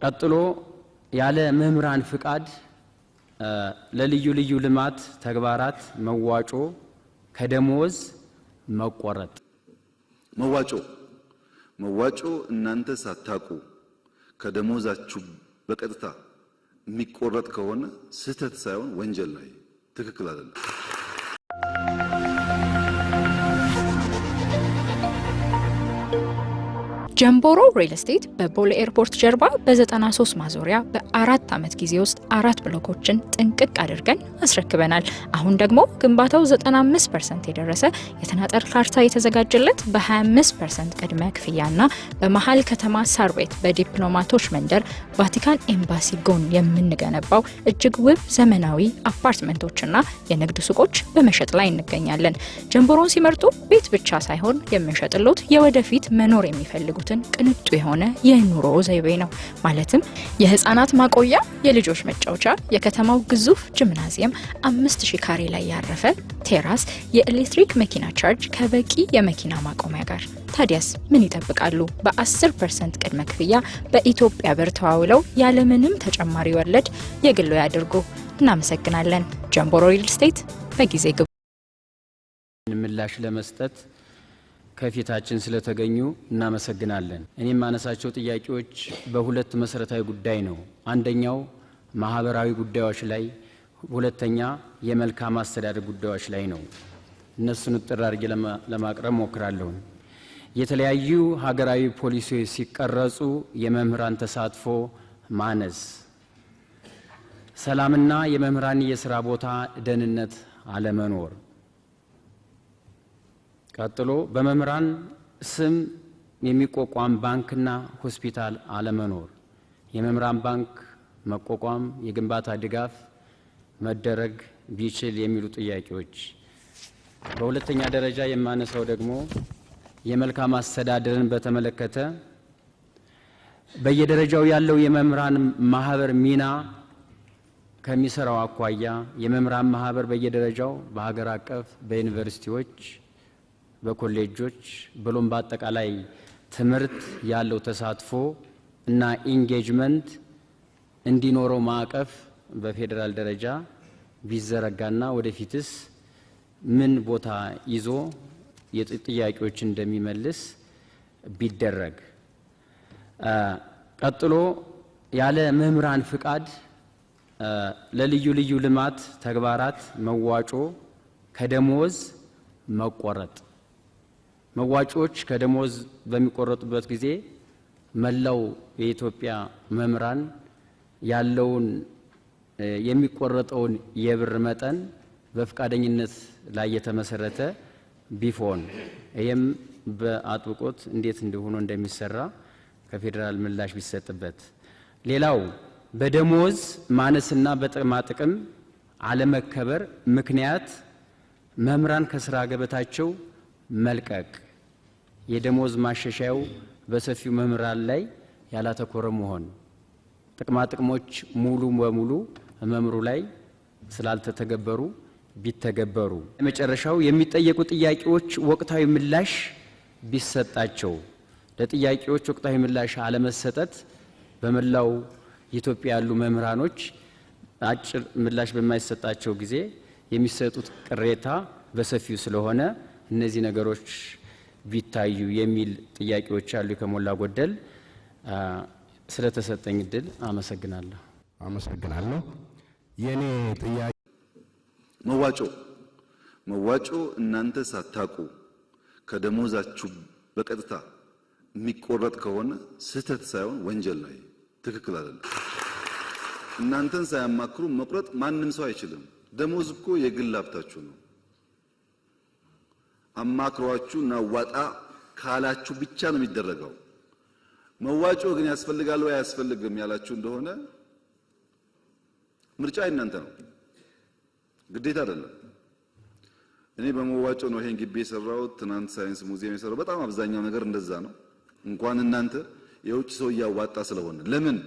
ቀጥሎ ያለ መምህራን ፍቃድ ለልዩ ልዩ ልማት ተግባራት መዋጮ ከደሞዝ መቆረጥ። መዋጮ መዋጮ እናንተ ሳታቁ ከደሞዛችሁ በቀጥታ የሚቆረጥ ከሆነ ስህተት ሳይሆን ወንጀል ላይ ትክክል አይደለም። ጀምቦሮ ሪል ስቴት በቦሌ ኤርፖርት ጀርባ በ93 ማዞሪያ በአራት ዓመት ጊዜ ውስጥ አራት ብሎኮችን ጥንቅቅ አድርገን አስረክበናል። አሁን ደግሞ ግንባታው 95 ፐርሰንት የደረሰ የተናጠር ካርታ የተዘጋጀለት በ25 ፐርሰንት ቅድመ ክፍያና በመሀል ከተማ ሳር ቤት በዲፕሎማቶች መንደር ቫቲካን ኤምባሲ ጎን የምንገነባው እጅግ ውብ ዘመናዊ አፓርትመንቶችና የንግድ ሱቆች በመሸጥ ላይ እንገኛለን። ጀምቦሮን ሲመርጡ ቤት ብቻ ሳይሆን የምንሸጥሎት የወደፊት መኖር የሚፈልጉት የሚኖሩትን ቅንጡ የሆነ የኑሮ ዘይቤ ነው። ማለትም የህፃናት ማቆያ፣ የልጆች መጫወቻ፣ የከተማው ግዙፍ ጂምናዚየም፣ አምስት ሺ ካሬ ላይ ያረፈ ቴራስ፣ የኤሌክትሪክ መኪና ቻርጅ ከበቂ የመኪና ማቆሚያ ጋር። ታዲያስ ምን ይጠብቃሉ? በ10 ፐርሰንት ቅድመ ክፍያ በኢትዮጵያ ብር ተዋውለው ያለምንም ተጨማሪ ወለድ የግሎ ያድርጉ። እናመሰግናለን። ጀምቦሮ ሪል ስቴት በጊዜ ግቡ። ምላሽ ለመስጠት ከፊታችን ስለተገኙ እናመሰግናለን። እኔም የማነሳቸው ጥያቄዎች በሁለት መሰረታዊ ጉዳይ ነው። አንደኛው ማህበራዊ ጉዳዮች ላይ፣ ሁለተኛ የመልካም አስተዳደር ጉዳዮች ላይ ነው። እነሱን እጥር አድርጌ ለማቅረብ ሞክራለሁ። የተለያዩ ሀገራዊ ፖሊሲዎች ሲቀረጹ የመምህራን ተሳትፎ ማነስ፣ ሰላምና የመምህራን የስራ ቦታ ደህንነት አለመኖር ቀጥሎ በመምህራን ስም የሚቋቋም ባንክና ሆስፒታል አለመኖር፣ የመምህራን ባንክ መቋቋም፣ የግንባታ ድጋፍ መደረግ ቢችል የሚሉ ጥያቄዎች። በሁለተኛ ደረጃ የማነሳው ደግሞ የመልካም አስተዳደርን በተመለከተ በየደረጃው ያለው የመምህራን ማህበር ሚና ከሚሰራው አኳያ የመምህራን ማህበር በየደረጃው በሀገር አቀፍ በዩኒቨርሲቲዎች በኮሌጆች ብሎም በአጠቃላይ ትምህርት ያለው ተሳትፎ እና ኢንጌጅመንት እንዲኖረው ማዕቀፍ በፌዴራል ደረጃ ቢዘረጋና ወደፊትስ ምን ቦታ ይዞ ጥያቄዎች እንደሚመልስ ቢደረግ። ቀጥሎ ያለ መምህራን ፍቃድ ለልዩ ልዩ ልማት ተግባራት መዋጮ ከደሞዝ መቆረጥ መዋጮዎች ከደሞዝ በሚቆረጡበት ጊዜ መላው የኢትዮጵያ መምህራን ያለውን የሚቆረጠውን የብር መጠን በፈቃደኝነት ላይ የተመሰረተ ቢፎን ይህም በአጥብቆት እንዴት እንደሆነ እንደሚሰራ ከፌዴራል ምላሽ ቢሰጥበት። ሌላው በደሞዝ ማነስና በጥቅማጥቅም አለመከበር ምክንያት መምህራን ከስራ ገበታቸው መልቀቅ የደሞዝ ማሻሻያው በሰፊው መምህራን ላይ ያላተኮረ መሆን፣ ጥቅማ ጥቅሞች ሙሉ በሙሉ መምሩ ላይ ስላልተተገበሩ ቢተገበሩ፣ መጨረሻው የሚጠየቁ ጥያቄዎች ወቅታዊ ምላሽ ቢሰጣቸው። ለጥያቄዎች ወቅታዊ ምላሽ አለመሰጠት በመላው ኢትዮጵያ ያሉ መምህራኖች አጭር ምላሽ በማይሰጣቸው ጊዜ የሚሰጡት ቅሬታ በሰፊው ስለሆነ እነዚህ ነገሮች ቢታዩ የሚል ጥያቄዎች አሉ። ከሞላ ጎደል ስለተሰጠኝ እድል አመሰግናለሁ። አመሰግናለሁ። የኔ ጥያቄ መዋጮ መዋጮ እናንተ ሳታቁ ከደሞዛችሁ በቀጥታ የሚቆረጥ ከሆነ ስህተት ሳይሆን ወንጀል ነው። ትክክል አይደለም። እናንተን ሳያማክሩ መቁረጥ ማንም ሰው አይችልም። ደሞዝ እኮ የግል ሀብታችሁ ነው። አማክሯችሁ እናዋጣ ካላችሁ ብቻ ነው የሚደረገው። መዋጮ ግን ያስፈልጋል ወይ አያስፈልግም ያላችሁ እንደሆነ ምርጫ እናንተ ነው፣ ግዴታ አይደለም። እኔ በመዋጮ ነው ይሄን ግቢ የሰራሁት፣ ትናንት ሳይንስ ሙዚየም የሰራው። በጣም አብዛኛው ነገር እንደዛ ነው። እንኳን እናንተ የውጭ ሰው እያዋጣ ስለሆነ ለምን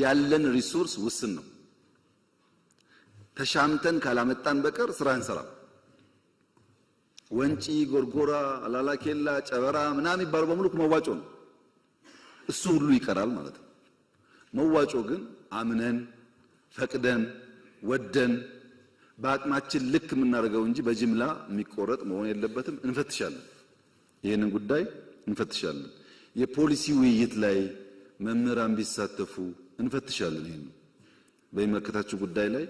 ያለን ሪሶርስ ውስን ነው። ተሻምተን ካላመጣን በቀር ስራ አንሰራም። ወንጪ፣ ጎርጎራ፣ አላላኬላ፣ ጨበራ ምናምን የሚባለው በሙሉ መዋጮ ነው። እሱ ሁሉ ይቀራል ማለት ነው። መዋጮ ግን አምነን ፈቅደን ወደን በአቅማችን ልክ የምናደርገው እንጂ በጅምላ የሚቆረጥ መሆን የለበትም። እንፈትሻለን፣ ይህንን ጉዳይ እንፈትሻለን። የፖሊሲ ውይይት ላይ መምህራን ቢሳተፉ እንፈትሻለን። ይህን በሚመለከታችሁ ጉዳይ ላይ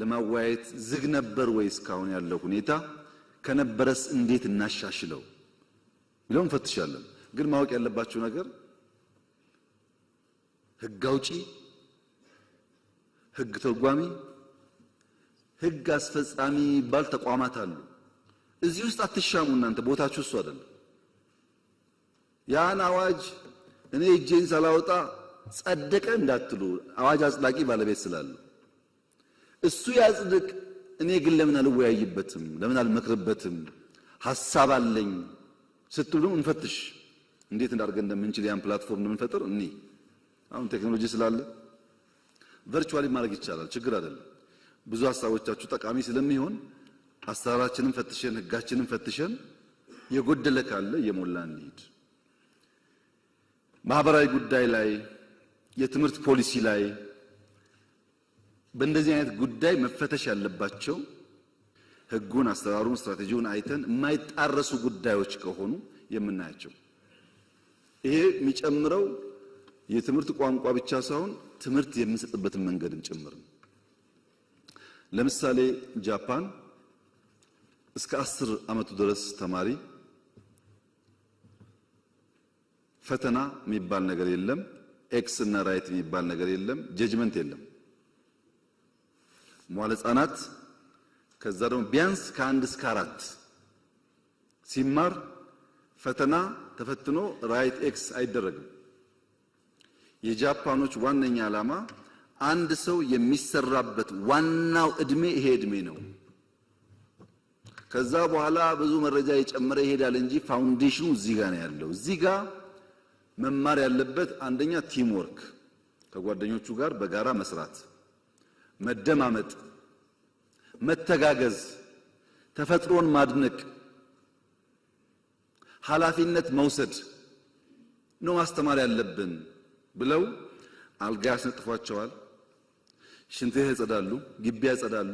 ለማወያየት ዝግ ነበር ወይ እስካሁን ያለው ሁኔታ ከነበረስ እንዴት እናሻሽለው ሚለውን እንፈትሻለን። ግን ማወቅ ያለባችሁ ነገር ህግ አውጪ፣ ህግ ተጓሚ ህግ አስፈጻሚ የሚባል ተቋማት አሉ። እዚህ ውስጥ አትሻሙ። እናንተ ቦታችሁ እሱ አይደለም። ያን አዋጅ እኔ እጄን ሳላወጣ ጸደቀ እንዳትሉ፣ አዋጅ አጽዳቂ ባለቤት ስላሉ እሱ ያጽድቅ እኔ ግን ለምን አልወያይበትም? ለምን አልመክርበትም? ሀሳብ አለኝ ስትሉም እንፈትሽ። እንዴት እንዳድርገን እንደምንችል ያን ፕላትፎርም እንደምንፈጥር እኔ አሁን ቴክኖሎጂ ስላለ ቨርቹዋሊ ማድረግ ይቻላል። ችግር አይደለም። ብዙ ሀሳቦቻችሁ ጠቃሚ ስለሚሆን አሰራራችንን ፈትሸን ህጋችንም ፈትሸን የጎደለ ካለ የሞላ እንሂድ። ማህበራዊ ጉዳይ ላይ የትምህርት ፖሊሲ ላይ በእንደዚህ አይነት ጉዳይ መፈተሽ ያለባቸው ህጉን፣ አሰራሩን፣ ስትራቴጂውን አይተን የማይጣረሱ ጉዳዮች ከሆኑ የምናያቸው ይሄ የሚጨምረው የትምህርት ቋንቋ ብቻ ሳይሆን ትምህርት የምንሰጥበትን መንገድን ጭምር ነው። ለምሳሌ ጃፓን እስከ አስር ዓመቱ ድረስ ተማሪ ፈተና የሚባል ነገር የለም። ኤክስ እና ራይት የሚባል ነገር የለም። ጀጅመንት የለም። መዋለ ህጻናት ከዛ ደግሞ ቢያንስ ከአንድ እስከ አራት ሲማር ፈተና ተፈትኖ ራይት ኤክስ አይደረግም። የጃፓኖች ዋነኛ ዓላማ አንድ ሰው የሚሰራበት ዋናው እድሜ ይሄ እድሜ ነው። ከዛ በኋላ ብዙ መረጃ የጨመረ ይሄዳል እንጂ ፋውንዴሽኑ እዚህ ጋር ነው ያለው። እዚህ ጋር መማር ያለበት አንደኛ ቲም ወርክ ከጓደኞቹ ጋር በጋራ መስራት መደማመጥ፣ መተጋገዝ፣ ተፈጥሮን ማድነቅ፣ ኃላፊነት መውሰድ ነው ማስተማር ያለብን ብለው አልጋ ያስነጥፏቸዋል። ሽንት ያጸዳሉ፣ ግቢ ያጸዳሉ።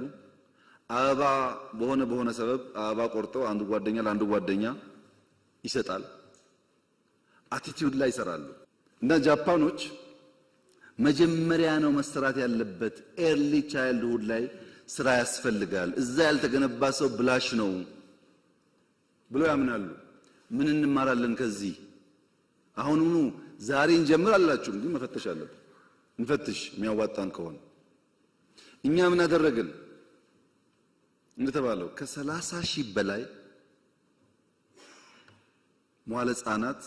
አበባ በሆነ በሆነ ሰበብ አበባ ቆርጠው አንዱ ጓደኛ ለአንዱ ጓደኛ ይሰጣል። አቲቲዩድ ላይ ይሰራሉ እና ጃፓኖች መጀመሪያ ነው መሰራት ያለበት። ኤርሊ ቻይልድሁድ ላይ ስራ ያስፈልጋል። እዛ ያልተገነባ ሰው ብላሽ ነው ብሎ ያምናሉ። ምን እንማራለን ከዚህ? አሁኑኑ ዛሬ እንጀምር አላችሁም፣ ግን መፈተሽ አለብን። እንፈትሽ የሚያዋጣን ከሆነ እኛ ምን አደረግን? እንደተባለው ከሰላሳ ሺህ በላይ መዋለ ሕጻናት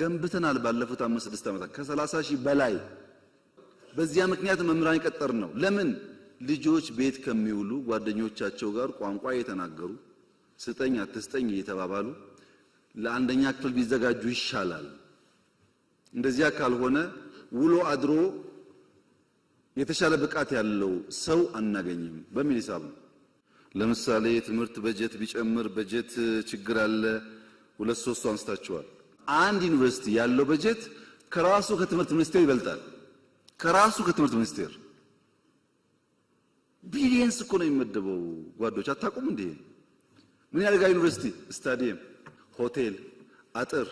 ገንብተናል ባለፉት አምስት ስድስት ዓመታት ከሰላሳ ሺህ በላይ በዚያ ምክንያት መምህራን የቀጠር ነው። ለምን ልጆች ቤት ከሚውሉ ጓደኞቻቸው ጋር ቋንቋ እየተናገሩ ስጠኝ አትስጠኝ እየተባባሉ ለአንደኛ ክፍል ቢዘጋጁ ይሻላል። እንደዚያ ካልሆነ ውሎ አድሮ የተሻለ ብቃት ያለው ሰው አናገኝም በሚል ሂሳብ ነው። ለምሳሌ የትምህርት በጀት ቢጨምር በጀት ችግር አለ። ሁለት ሶስቱ አንስታችኋል። አንድ ዩኒቨርሲቲ ያለው በጀት ከራሱ ከትምህርት ሚኒስቴር ይበልጣል። ከራሱ ከትምህርት ሚኒስቴር ቢሊየንስ እኮ ነው የሚመደበው። ጓዶች አታውቁም እንዴ? ምን ያደርጋ ዩኒቨርሲቲ፣ ስታዲየም፣ ሆቴል፣ አጥር።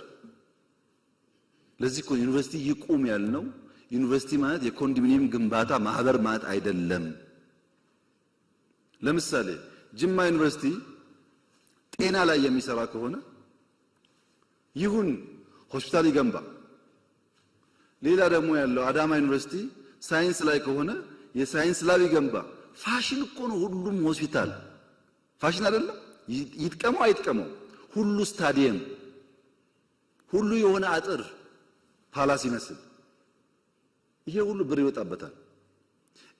ለዚህ እኮ ዩኒቨርሲቲ ይቁም ያልነው። ዩኒቨርሲቲ ማለት የኮንዶሚኒየም ግንባታ ማህበር ማለት አይደለም። ለምሳሌ ጅማ ዩኒቨርሲቲ ጤና ላይ የሚሰራ ከሆነ ይሁን ሆስፒታል ይገንባ። ሌላ ደግሞ ያለው አዳማ ዩኒቨርሲቲ ሳይንስ ላይ ከሆነ የሳይንስ ላብ ይገንባ። ፋሽን እኮ ነው ሁሉም ሆስፒታል ፋሽን አይደለም። ይጥቀመው አይጥቀመው፣ ሁሉ ስታዲየም፣ ሁሉ የሆነ አጥር ፓላስ ይመስል ይሄ ሁሉ ብር ይወጣበታል።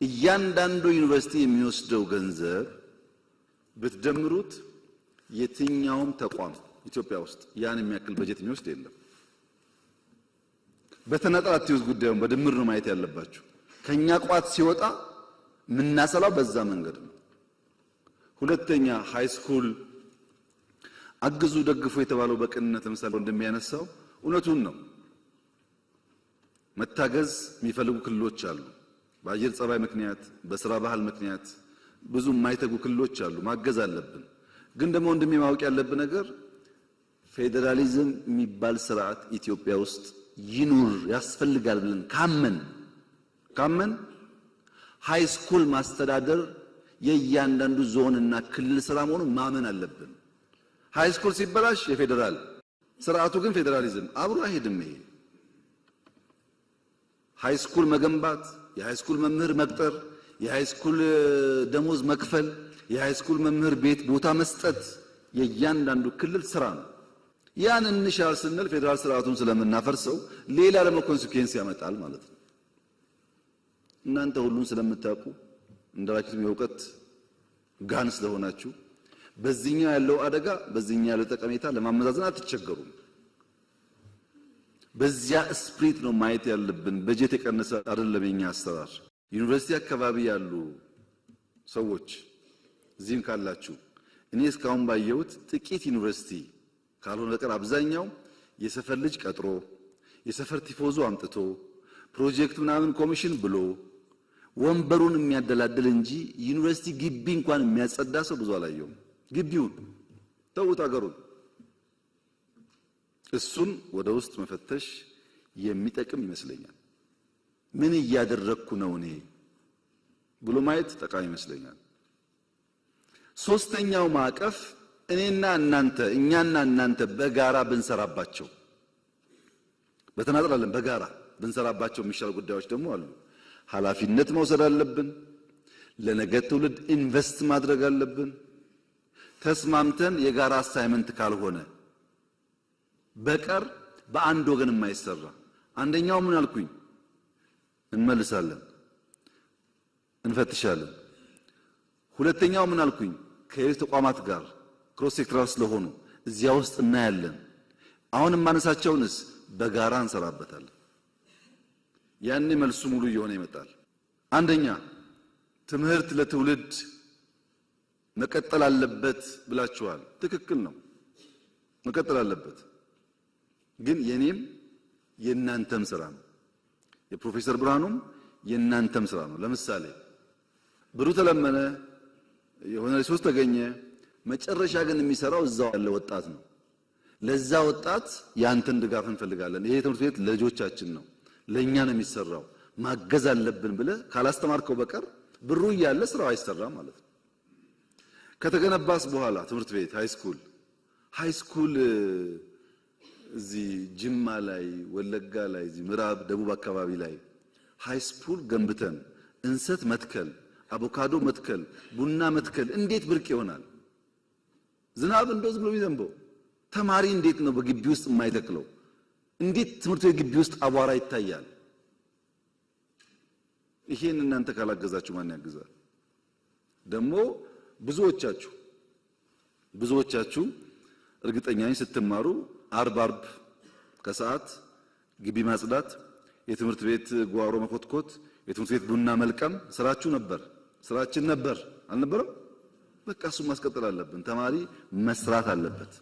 እያንዳንዱ ዩኒቨርሲቲ የሚወስደው ገንዘብ ብትደምሩት የትኛውም ተቋም ኢትዮጵያ ውስጥ ያን የሚያክል በጀት የሚወስድ የለም። በተናጠል ይውስ ጉዳዩን በድምር ነው ማየት ያለባችሁ። ከኛ ቋት ሲወጣ የምናሰላው በዛ መንገድ ነው። ሁለተኛ ሃይስኩል አግዙ ደግፎ የተባለው በቅንነት ለምሳሌ እንደሚያነሳው እውነቱን ነው። መታገዝ የሚፈልጉ ክልሎች አሉ። በአየር ጸባይ ምክንያት፣ በስራ ባህል ምክንያት ብዙ የማይተጉ ክልሎች አሉ። ማገዝ አለብን። ግን ደግሞ ወንድሜ ማወቅ ያለብን ነገር ፌዴራሊዝም የሚባል ስርዓት ኢትዮጵያ ውስጥ ይኑር ያስፈልጋል ብለን ካመን ካመን ሃይ ስኩል ማስተዳደር የእያንዳንዱ ዞንና ክልል ስራ መሆኑን ማመን አለብን። ሃይ ስኩል ሲበላሽ የፌዴራል ስርዓቱ ግን ፌዴራሊዝም አብሮ አይሄድም። ይሄ ሃይ ስኩል መገንባት፣ የሃይ ስኩል መምህር መቅጠር፣ የሃይ ስኩል ደሞዝ መክፈል፣ የሃይ ስኩል መምህር ቤት ቦታ መስጠት የእያንዳንዱ ክልል ስራ ነው። ያን እንሻር ስንል ፌዴራል ስርዓቱን ስለምናፈርሰው ሌላ ደግሞ ኮንሲኩዌንስ ያመጣል ማለት ነው። እናንተ ሁሉን ስለምታውቁ እንደራችሁም የእውቀት ጋን ስለሆናችሁ በዚህኛው ያለው አደጋ በዚህኛው ያለው ጠቀሜታ ለማመዛዘን አትቸገሩም። በዚያ ስፕሪት ነው ማየት ያለብን። በጀት የቀነሰ አይደለም የኛ አሰራር። ዩኒቨርሲቲ አካባቢ ያሉ ሰዎች እዚህም ካላችሁ እኔ እስካሁን ባየሁት ጥቂት ዩኒቨርሲቲ ካልሆነ በቀር አብዛኛው የሰፈር ልጅ ቀጥሮ የሰፈር ቲፎዞ አምጥቶ ፕሮጀክት ምናምን ኮሚሽን ብሎ ወንበሩን የሚያደላድል እንጂ ዩኒቨርሲቲ ግቢ እንኳን የሚያጸዳ ሰው ብዙ አላየውም። ግቢውን ተውት፣ አገሩን እሱን ወደ ውስጥ መፈተሽ የሚጠቅም ይመስለኛል። ምን እያደረግኩ ነው እኔ ብሎ ማየት ጠቃሚ ይመስለኛል። ሶስተኛው ማዕቀፍ እኔና እናንተ እኛና እናንተ በጋራ ብንሰራባቸው በተናጠላለን በጋራ ብንሰራባቸው የሚሻል ጉዳዮች ደግሞ አሉ። ኃላፊነት መውሰድ አለብን። ለነገ ትውልድ ኢንቨስት ማድረግ አለብን። ተስማምተን የጋራ አሳይመንት ካልሆነ በቀር በአንድ ወገን የማይሰራ አንደኛው ምን አልኩኝ፣ እንመልሳለን፣ እንፈትሻለን። ሁለተኛው ምን አልኩኝ፣ ከሌሎች ተቋማት ጋር ክሮስ ሴክተራል ስለሆኑ እዚያ ውስጥ እናያለን። አሁን የማነሳቸውንስ በጋራ እንሰራበታለን። ያኔ መልሱ ሙሉ እየሆነ ይመጣል። አንደኛ ትምህርት ለትውልድ መቀጠል አለበት ብላችኋል። ትክክል ነው፣ መቀጠል አለበት። ግን የኔም የእናንተም ስራ ነው። የፕሮፌሰር ብርሃኑም የእናንተም ስራ ነው። ለምሳሌ ብሩ ተለመነ የሆነ ሶስት ተገኘ መጨረሻ ግን የሚሰራው እዛው ያለ ወጣት ነው። ለዛ ወጣት ያንተን ድጋፍ እንፈልጋለን። ይሄ ትምህርት ቤት ለልጆቻችን ነው፣ ለኛ ነው የሚሰራው፣ ማገዝ አለብን ብለ ካላስተማርከው በቀር ብሩ እያለ ስራው አይሰራም ማለት ነው። ከተገነባስ በኋላ ትምህርት ቤት ሃይስኩል ስኩል እዚህ ጅማ ላይ ወለጋ ላይ እዚህ ምዕራብ ደቡብ አካባቢ ላይ ስኩል ገንብተን እንሰት መትከል አቮካዶ መትከል ቡና መትከል እንዴት ብርቅ ይሆናል? ዝናብ እንደው ዝም ብሎ የሚዘንበው ተማሪ እንዴት ነው በግቢ ውስጥ የማይተክለው? እንዴት ትምህርት ቤት ግቢ ውስጥ አቧራ ይታያል? ይሄን እናንተ ካላገዛችሁ ማን ያግዛል? ደግሞ ብዙዎቻችሁ ብዙዎቻችሁ እርግጠኛ ነኝ ስትማሩ አርብ አርብ ከሰዓት ግቢ ማጽዳት፣ የትምህርት ቤት ጓሮ መኮትኮት፣ የትምህርት ቤት ቡና መልቀም ስራችሁ ነበር፣ ስራችን ነበር፣ አልነበረም? በቃ እሱ ማስቀጠል አለብን። ተማሪ መስራት አለበት።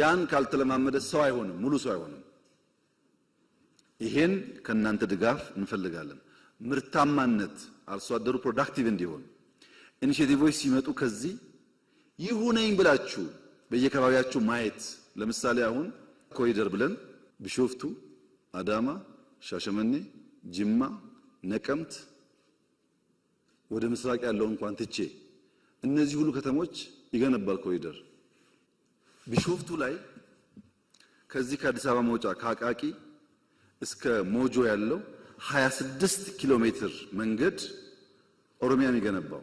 ያን ካልተለማመደ ሰው አይሆንም፣ ሙሉ ሰው አይሆንም። ይሄን ከእናንተ ድጋፍ እንፈልጋለን። ምርታማነት አርሶ አደሩ ፕሮዳክቲቭ እንዲሆን ኢኒሼቲቮች ሲመጡ ከዚህ ይሁነኝ ብላችሁ በየከባቢያችሁ ማየት። ለምሳሌ አሁን ኮሪደር ብለን ቢሾፍቱ፣ አዳማ፣ ሻሸመኔ፣ ጅማ፣ ነቀምት ወደ ምስራቅ ያለው እንኳን ትቼ እነዚህ ሁሉ ከተሞች ይገነባል ኮሪደር። ቢሾፍቱ ላይ ከዚህ ከአዲስ አበባ መውጫ ከአቃቂ እስከ ሞጆ ያለው 26 ኪሎ ሜትር መንገድ ኦሮሚያ የሚገነባው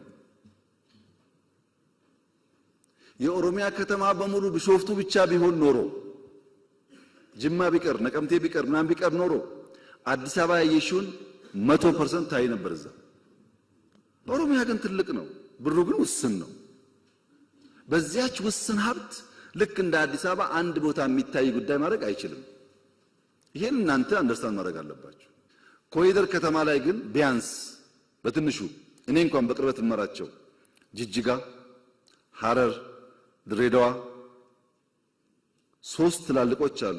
የኦሮሚያ ከተማ በሙሉ ቢሾፍቱ ብቻ ቢሆን ኖሮ ጅማ ቢቀር ነቀምቴ ቢቀር ምናምን ቢቀር ኖሮ አዲስ አበባ ያየሽውን መቶ ፐርሰንት ታይ ነበር እዛ። ኦሮሚያ ግን ትልቅ ነው፣ ብሩ ግን ውስን ነው። በዚያች ውስን ሀብት ልክ እንደ አዲስ አበባ አንድ ቦታ የሚታይ ጉዳይ ማድረግ አይችልም። ይሄን እናንተ አንደርስታንድ ማድረግ አለባችሁ። ኮሪደር ከተማ ላይ ግን ቢያንስ በትንሹ እኔ እንኳን በቅርበት እመራቸው ጅጅጋ፣ ሐረር፣ ድሬዳዋ ሶስት ትላልቆች አሉ።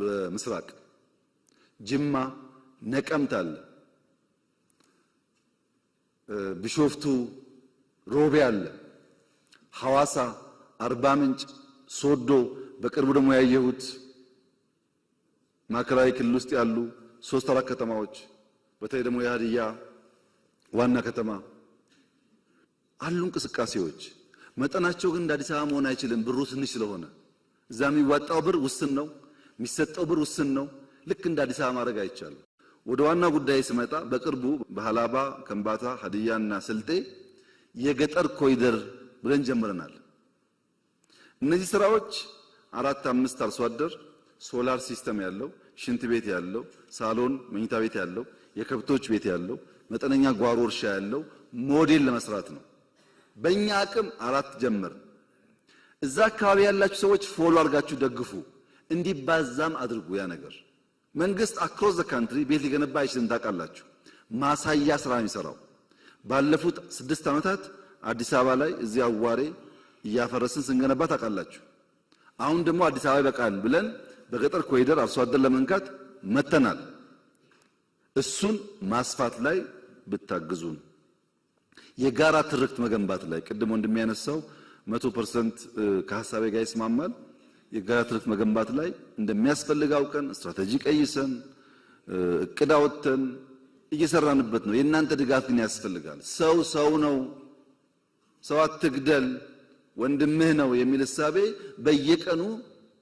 በምስራቅ ጅማ፣ ነቀምት አለ። ቢሾፍቱ፣ ሮቤ አለ፣ ሐዋሳ፣ አርባ ምንጭ፣ ሶዶ፣ በቅርቡ ደግሞ ያየሁት ማዕከላዊ ክልል ውስጥ ያሉ ሶስት አራት ከተማዎች በተለይ ደግሞ የሀዲያ ዋና ከተማ አሉ እንቅስቃሴዎች። መጠናቸው ግን እንደ አዲስ አበባ መሆን አይችልም፣ ብሩ ትንሽ ስለሆነ እዛ የሚዋጣው ብር ውስን ነው፣ የሚሰጠው ብር ውስን ነው። ልክ እንደ አዲስ አበባ ማድረግ አይቻልም። ወደ ዋና ጉዳይ ስመጣ በቅርቡ በሀላባ፣ ከምባታ፣ ሀዲያና ስልጤ የገጠር ኮሪደር ብለን ጀምረናል። እነዚህ ስራዎች አራት አምስት አርሶ አደር ሶላር ሲስተም ያለው ሽንት ቤት ያለው ሳሎን መኝታ ቤት ያለው የከብቶች ቤት ያለው መጠነኛ ጓሮ እርሻ ያለው ሞዴል ለመስራት ነው። በእኛ አቅም አራት ጀመር። እዛ አካባቢ ያላችሁ ሰዎች ፎሎ አድርጋችሁ ደግፉ፣ እንዲባዛም አድርጉ ያ ነገር መንግስት አክሮስ ዘ ካንትሪ ቤት ሊገነባ አይችልም። ታውቃላችሁ። ማሳያ ስራ የሚሰራው። ባለፉት ስድስት ዓመታት አዲስ አበባ ላይ እዚህ አዋሬ እያፈረስን ስንገነባ ታውቃላችሁ። አሁን ደግሞ አዲስ አበባ ይበቃል ብለን በገጠር ኮሪደር አርሶ አደር ለመንካት መተናል። እሱን ማስፋት ላይ ብታግዙን፣ የጋራ ትርክት መገንባት ላይ ቅድም ወንድም ያነሳው መቶ ፐርሰንት ከሀሳቤ ጋር ይስማማል። የጋራ ትርፍ መገንባት ላይ እንደሚያስፈልግ አውቀን ስትራቴጂ ቀይሰን እቅድ አወጥተን እየሰራንበት ነው። የእናንተ ድጋፍ ግን ያስፈልጋል። ሰው ሰው ነው፣ ሰው አትግደል፣ ወንድምህ ነው የሚል እሳቤ በየቀኑ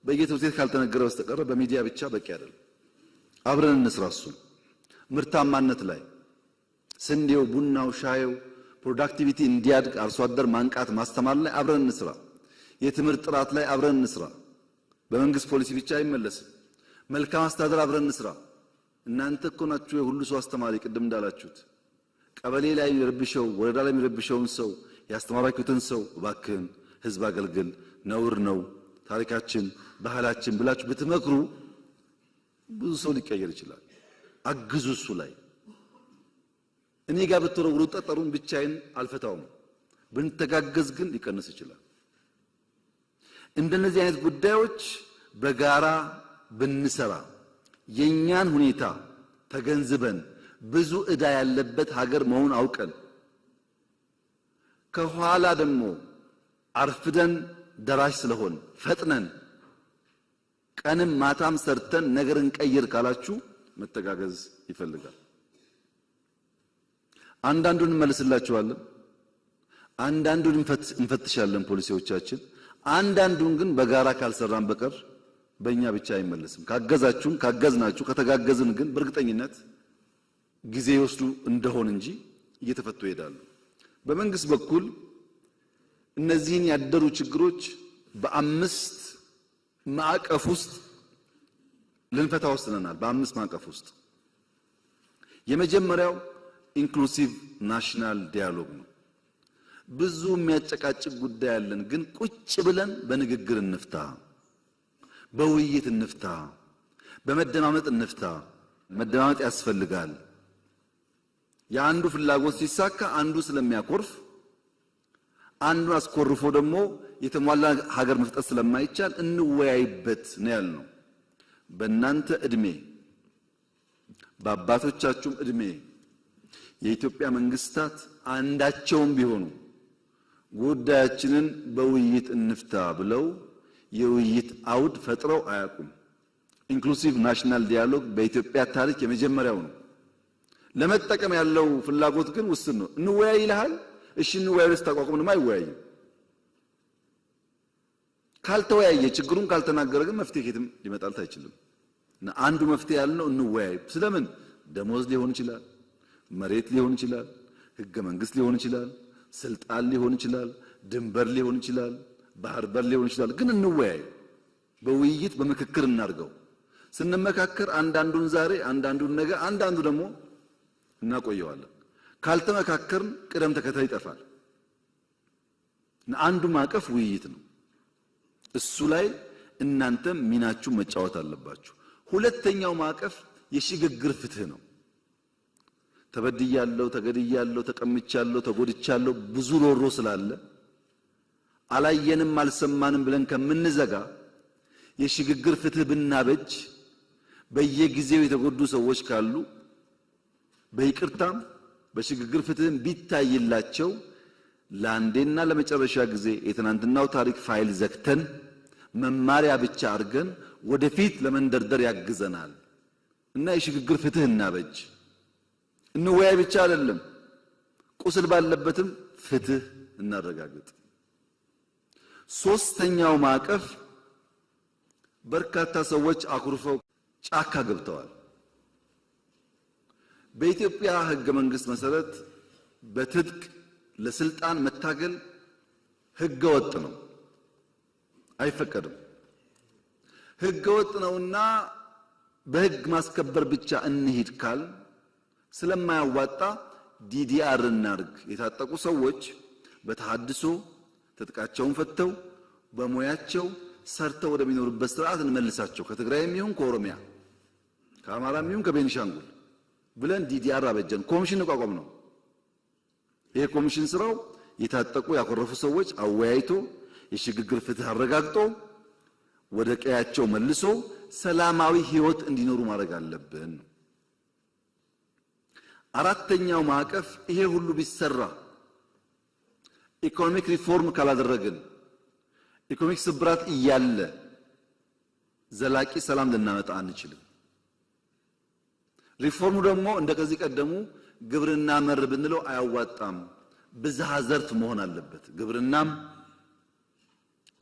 በየትምህርት ቤት ካልተነገረ በስተቀረ በሚዲያ ብቻ በቂ አይደለም። አብረን እንስራ። እሱን ምርታማነት ላይ ስንዴው፣ ቡናው፣ ሻዩ ፕሮዳክቲቪቲ እንዲያድግ አርሶ አደር ማንቃት ማስተማር ላይ አብረን እንስራ። የትምህርት ጥራት ላይ አብረን እንስራ። በመንግስት ፖሊሲ ብቻ አይመለስም። መልካም አስተዳደር አብረን እንስራ። እናንተ እኮ ናችሁ የሁሉ ሰው አስተማሪ። ቅድም እንዳላችሁት ቀበሌ ላይ የሚረብሸው ወረዳ ላይ የሚረብሸውን ሰው ያስተማራችሁትን ሰው እባክህን ህዝብ አገልግል፣ ነውር ነው፣ ታሪካችን ባህላችን ብላችሁ ብትመክሩ ብዙ ሰው ሊቀየር ይችላል። አግዙ። እሱ ላይ እኔ ጋር ብትወረውሩ ጠጠሩን ብቻዬን አልፈታውም። ብንተጋገዝ ግን ሊቀንስ ይችላል። እንደነዚህ አይነት ጉዳዮች በጋራ ብንሰራ የኛን ሁኔታ ተገንዝበን ብዙ እዳ ያለበት ሀገር መሆን አውቀን ከኋላ ደግሞ አርፍደን ደራሽ ስለሆን ፈጥነን ቀንም ማታም ሰርተን ነገር እንቀይር ካላችሁ መተጋገዝ ይፈልጋል። አንዳንዱን እንመልስላችኋለን፣ አንዳንዱን እንፈትሻለን ፖሊሲዎቻችን አንዳንዱን ግን በጋራ ካልሰራን በቀር በእኛ ብቻ አይመለስም። ካገዛችሁን፣ ካገዝናችሁ፣ ከተጋገዝን ግን በእርግጠኝነት ጊዜ ይወስዱ እንደሆን እንጂ እየተፈቱ ይሄዳሉ። በመንግስት በኩል እነዚህን ያደሩ ችግሮች በአምስት ማዕቀፍ ውስጥ ልንፈታ ወስነናል። በአምስት ማዕቀፍ ውስጥ የመጀመሪያው ኢንክሉሲቭ ናሽናል ዲያሎግ ነው። ብዙ የሚያጨቃጭቅ ጉዳይ አለን፣ ግን ቁጭ ብለን በንግግር እንፍታ፣ በውይይት እንፍታ፣ በመደማመጥ እንፍታ። መደማመጥ ያስፈልጋል። የአንዱ ፍላጎት ሲሳካ አንዱ ስለሚያኮርፍ አንዱን አስኮርፎ ደግሞ የተሟላ ሀገር መፍጠር ስለማይቻል እንወያይበት ነው ያልነው። በእናንተ እድሜ በአባቶቻችሁም እድሜ የኢትዮጵያ መንግስታት አንዳቸውም ቢሆኑ ጉዳያችንን በውይይት እንፍታ ብለው የውይይት አውድ ፈጥረው አያውቁም። ኢንክሉሲቭ ናሽናል ዲያሎግ በኢትዮጵያ ታሪክ የመጀመሪያው ነው። ለመጠቀም ያለው ፍላጎት ግን ውስን ነው። እንወያይ ይልሃል። እሺ እንወያይ ብለህ ስታቋቁምንም አይወያይም። ካልተወያየ ችግሩን ካልተናገረ ግን መፍትሄ ከየትም ሊመጣልት አይችልም። እና አንዱ መፍትሄ ያልነው እንወያይ። ስለምን ደሞዝ ሊሆን ይችላል፣ መሬት ሊሆን ይችላል፣ ህገ መንግስት ሊሆን ይችላል ስልጣን ሊሆን ይችላል፣ ድንበር ሊሆን ይችላል፣ ባህር በር ሊሆን ይችላል። ግን እንወያይ፣ በውይይት በምክክር እናድርገው። ስንመካከር አንዳንዱን ዛሬ አንዳንዱን ነገ አንዳንዱ ደግሞ እናቆየዋለን። ካልተመካከርን ቅደም ተከተል ይጠፋል። አንዱ ማዕቀፍ ውይይት ነው። እሱ ላይ እናንተም ሚናችሁ መጫወት አለባችሁ። ሁለተኛው ማዕቀፍ የሽግግር ፍትህ ነው። ተበድያለሁ፣ ተገድያለሁ፣ ተቀምቻለሁ፣ ተጎድቻለሁ ብዙ ሮሮ ስላለ አላየንም አልሰማንም ብለን ከምንዘጋ የሽግግር ፍትህ ብናበጅ በየጊዜው የተጎዱ ሰዎች ካሉ በይቅርታም በሽግግር ፍትህም ቢታይላቸው ለአንዴና ለመጨረሻ ጊዜ የትናንትናው ታሪክ ፋይል ዘግተን መማሪያ ብቻ አድርገን ወደፊት ለመንደርደር ያግዘናል እና የሽግግር ፍትህ እናበጅ። እንወያይ ብቻ አይደለም፣ ቁስል ባለበትም ፍትህ እናረጋግጥ። ሶስተኛው ማዕቀፍ በርካታ ሰዎች አኩርፈው ጫካ ገብተዋል። በኢትዮጵያ ህገ መንግስት መሰረት በትጥቅ ለስልጣን መታገል ሕገ ወጥ ነው፣ አይፈቀድም። ህገ ወጥ ነውና በህግ ማስከበር ብቻ እንሂድ ካል ስለማያዋጣ ዲዲአር እናርግ። የታጠቁ ሰዎች በተሃድሶ ትጥቃቸውን ፈተው በሙያቸው ሰርተው ወደሚኖርበት ስርዓት እንመልሳቸው። ከትግራይ የሚሆን ከኦሮሚያ ከአማራ የሚሆን ከቤኒሻንጉል ብለን ዲዲአር አበጀን። ኮሚሽን እቋቋም ነው። ይሄ ኮሚሽን ስራው የታጠቁ ያኮረፉ ሰዎች አወያይቶ የሽግግር ፍትህ አረጋግጦ ወደ ቀያቸው መልሶ ሰላማዊ ህይወት እንዲኖሩ ማድረግ አለብን። አራተኛው ማዕቀፍ ይሄ ሁሉ ቢሰራ ኢኮኖሚክ ሪፎርም ካላደረግን ኢኮኖሚክ ስብራት እያለ ዘላቂ ሰላም ልናመጣ አንችልም። ሪፎርሙ ደግሞ እንደ ከዚህ ቀደሙ ግብርና መር ብንለው አያዋጣም። ብዝሃ ዘርፍ መሆን አለበት። ግብርናም፣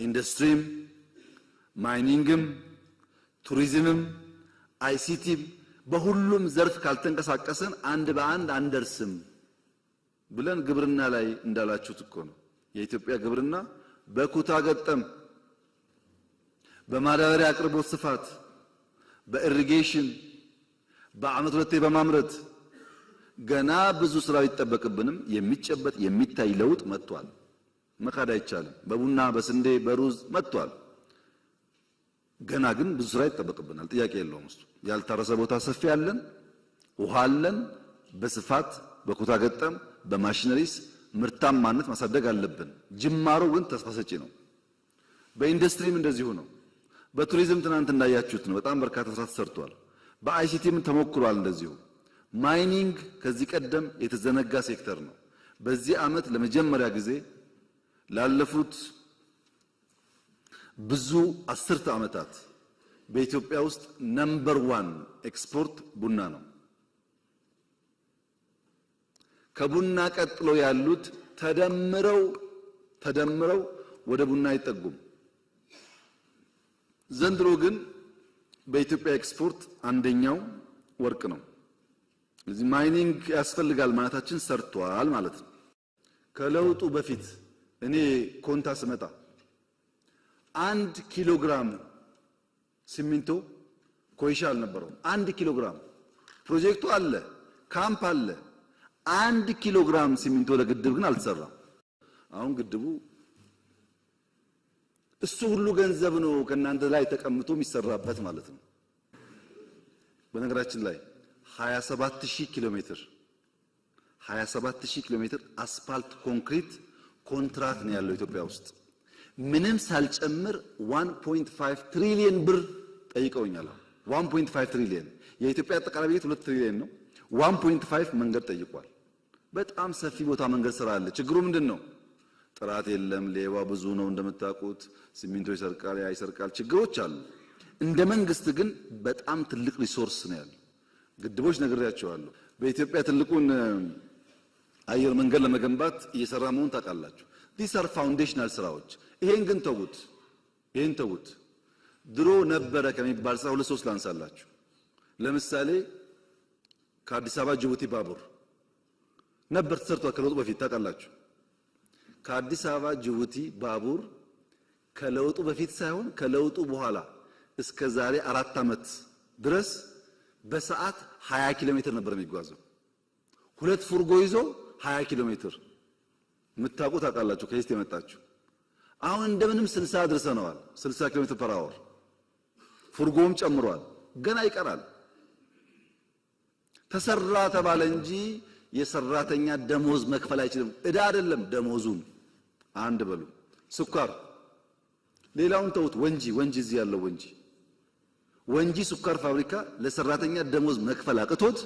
ኢንዱስትሪም፣ ማይኒንግም፣ ቱሪዝምም፣ አይሲቲም በሁሉም ዘርፍ ካልተንቀሳቀሰን አንድ በአንድ አንደርስም ብለን ግብርና ላይ እንዳላችሁት እኮ ነው። የኢትዮጵያ ግብርና በኩታ ገጠም፣ በማዳበሪያ አቅርቦት ስፋት፣ በኢሪጌሽን፣ በአመት ሁለቴ በማምረት ገና ብዙ ስራ ይጠበቅብንም። የሚጨበጥ የሚታይ ለውጥ መጥቷል። መካድ አይቻልም። በቡና በስንዴ በሩዝ መጥቷል። ገና ግን ብዙ ስራ ይጠበቅብናል። ጥያቄ የለውም እሱ። ያልታረሰ ቦታ ሰፊ አለን፣ ውሃ አለን። በስፋት በኩታ ገጠም በማሽነሪስ ምርታማነት ማሳደግ አለብን። ጅማሮ ግን ተስፋ ሰጪ ነው። በኢንዱስትሪም እንደዚሁ ነው። በቱሪዝም ትናንት እንዳያችሁት ነው። በጣም በርካታ ስራ ተሰርቷል። በአይሲቲም ተሞክሯል። እንደዚሁ ማይኒንግ ከዚህ ቀደም የተዘነጋ ሴክተር ነው። በዚህ ዓመት ለመጀመሪያ ጊዜ ላለፉት ብዙ አስርተ ዓመታት በኢትዮጵያ ውስጥ ነምበር ዋን ኤክስፖርት ቡና ነው። ከቡና ቀጥሎ ያሉት ተደምረው ተደምረው ወደ ቡና አይጠጉም። ዘንድሮ ግን በኢትዮጵያ ኤክስፖርት አንደኛው ወርቅ ነው። እዚህ ማይኒንግ ያስፈልጋል ማለታችን ሰርቷል ማለት ነው። ከለውጡ በፊት እኔ ኮንታ ስመጣ አንድ ኪሎ ግራም ሲሚንቶ ኮይሻ አልነበረውም። አንድ ኪሎ ግራም ፕሮጀክቱ አለ፣ ካምፕ አለ። አንድ ኪሎ ግራም ሲሚንቶ ለግድብ ግን አልተሰራም። አሁን ግድቡ እሱ ሁሉ ገንዘብ ነው ከእናንተ ላይ ተቀምጦ የሚሰራበት ማለት ነው። በነገራችን ላይ 27000 ኪሎ ሜትር 27000 ኪሎ ሜትር አስፋልት ኮንክሪት ኮንትራክት ነው ያለው ኢትዮጵያ ውስጥ ምንም ሳልጨምር 1.5 ትሪሊየን ብር ጠይቀውኛል። 1.5 ትሪሊየን የኢትዮጵያ አጠቃላይ በጀት 2 ትሪሊየን ነው። 1.5 መንገድ ጠይቋል። በጣም ሰፊ ቦታ መንገድ ስራ አለ። ችግሩ ምንድን ነው? ጥራት የለም። ሌባ ብዙ ነው እንደምታውቁት። ሲሚንቶ ይሰርቃል፣ ያ ይሰርቃል። ችግሮች አሉ። እንደ መንግስት ግን በጣም ትልቅ ሪሶርስ ነው ያለው። ግድቦች ነግሬያቸዋለሁ። በኢትዮጵያ ትልቁን አየር መንገድ ለመገንባት እየሰራ መሆን ታውቃላችሁ። ዲስ አር ፋውንዴሽናል ስራዎች። ይሄን ግን ተውት፣ ይሄን ተውት። ድሮ ነበረ ከሚባል ስራ ሁለት ሶስት ላንሳላችሁ። ለምሳሌ ከአዲስ አበባ ጅቡቲ ባቡር ነበር ተሰርቷል፣ ከለውጡ በፊት ታውቃላችሁ። ከአዲስ አበባ ጅቡቲ ባቡር ከለውጡ በፊት ሳይሆን ከለውጡ በኋላ እስከ ዛሬ አራት ዓመት ድረስ በሰዓት 20 ኪሎ ሜትር ነበር የሚጓዘው። ሁለት ፉርጎ ይዞ 20 ኪሎ ሜትር የምታውቁ ታውቃላችሁ፣ ከዚህ የመጣችሁ አሁን እንደምንም 60 አድርሰነዋል። 60 ኪሎ ሜትር ፐር አወር ፉርጎም ጨምሯል። ገና ይቀራል። ተሰራ ተባለ እንጂ የሰራተኛ ደሞዝ መክፈል አይችልም። እዳ አይደለም ደሞዙን አንድ በሉ። ስኳር ሌላውን ተውት። ወንጂ ወንጂ እዚህ ያለው ወንጂ ወንጂ ስኳር ፋብሪካ ለሰራተኛ ደሞዝ መክፈል አቅቶት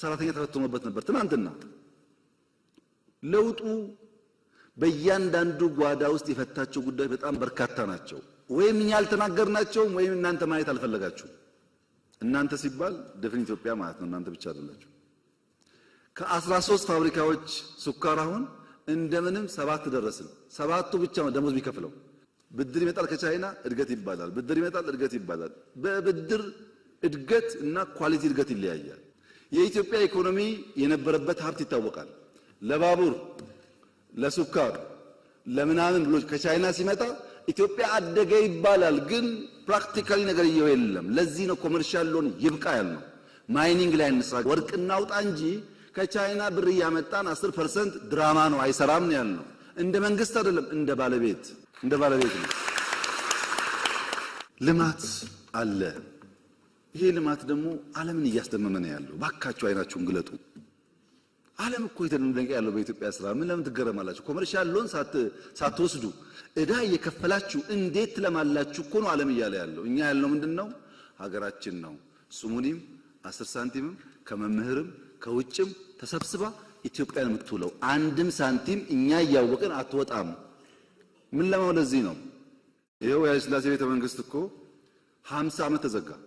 ሰራተኛ ተፈትኖበት ነበር ትናንትና። ለውጡ በእያንዳንዱ ጓዳ ውስጥ የፈታቸው ጉዳዮች በጣም በርካታ ናቸው። ወይም እኛ አልተናገርናቸውም ወይም እናንተ ማየት አልፈለጋችሁም። እናንተ ሲባል ደፍን ኢትዮጵያ ማለት ነው። እናንተ ብቻ አይደላችሁ። ከ13 ፋብሪካዎች ስኳር አሁን እንደምንም ሰባት ደረስን። ሰባቱ ብቻ ነው ደሞዝ ቢከፍለው። ብድር ይመጣል ከቻይና እድገት ይባላል። ብድር ይመጣል እድገት ይባላል። በብድር እድገት እና ኳሊቲ እድገት ይለያያል። የኢትዮጵያ ኢኮኖሚ የነበረበት ሀብት ይታወቃል። ለባቡር ለስኳር ለምናምን ብሎ ከቻይና ሲመጣ ኢትዮጵያ አደገ ይባላል፣ ግን ፕራክቲካሊ ነገር እየው የለም። ለዚህ ነው ኮመርሻል ሎን ይብቃ ያልነው። ማይኒንግ ላይ እንስራ፣ ወርቅ እናውጣ እንጂ ከቻይና ብር እያመጣን 10% ድራማ ነው፣ አይሰራም ነው ያልነው። እንደ መንግስት አይደለም፣ እንደ ባለቤት እንደ ባለቤት ነው። ልማት አለ። ይሄ ልማት ደግሞ ዓለምን እያስደመመ ነው ያለው። ባካችሁ አይናችሁን ግለጡ። ዓለም እኮ የተደነቀ ያለው በኢትዮጵያ ስራ። ምን ለምን ትገረማላችሁ? ኮመርሻል ሎን ሳትወስዱ እዳ እየከፈላችሁ እንዴት ለማላችሁ እኮ ነው ዓለም እያለ ያለው። እኛ ያልነው ምንድን ነው? ሀገራችን ነው። ስሙኒም አስር ሳንቲምም ከመምህርም ከውጭም ተሰብስባ ኢትዮጵያን የምትውለው አንድም ሳንቲም እኛ እያወቅን አትወጣም። ምን ለማው ለዚህ ነው ይኸው የኃይለ ሥላሴ ቤተ መንግስት እኮ 50 ዓመት ተዘጋ።